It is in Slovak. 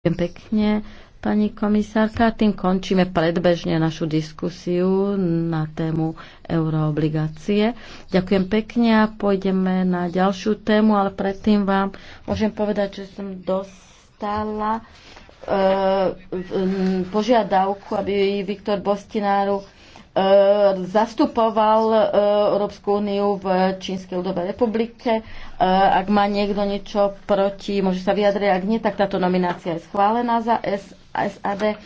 Ďakujem pekne, pani komisárka. Tým končíme predbežne našu diskusiu na tému euroobligácie. Ďakujem pekne a pôjdeme na ďalšiu tému, ale predtým vám môžem povedať, že som dostala e, požiadavku, aby Viktor Bostináru e, zastupoval e, Európsku úniu v Čínskej ľudovej republike. E, ak má niekto niečo proti, môže sa vyjadriť. Ak nie, tak táto nominácia je schválená za SAD.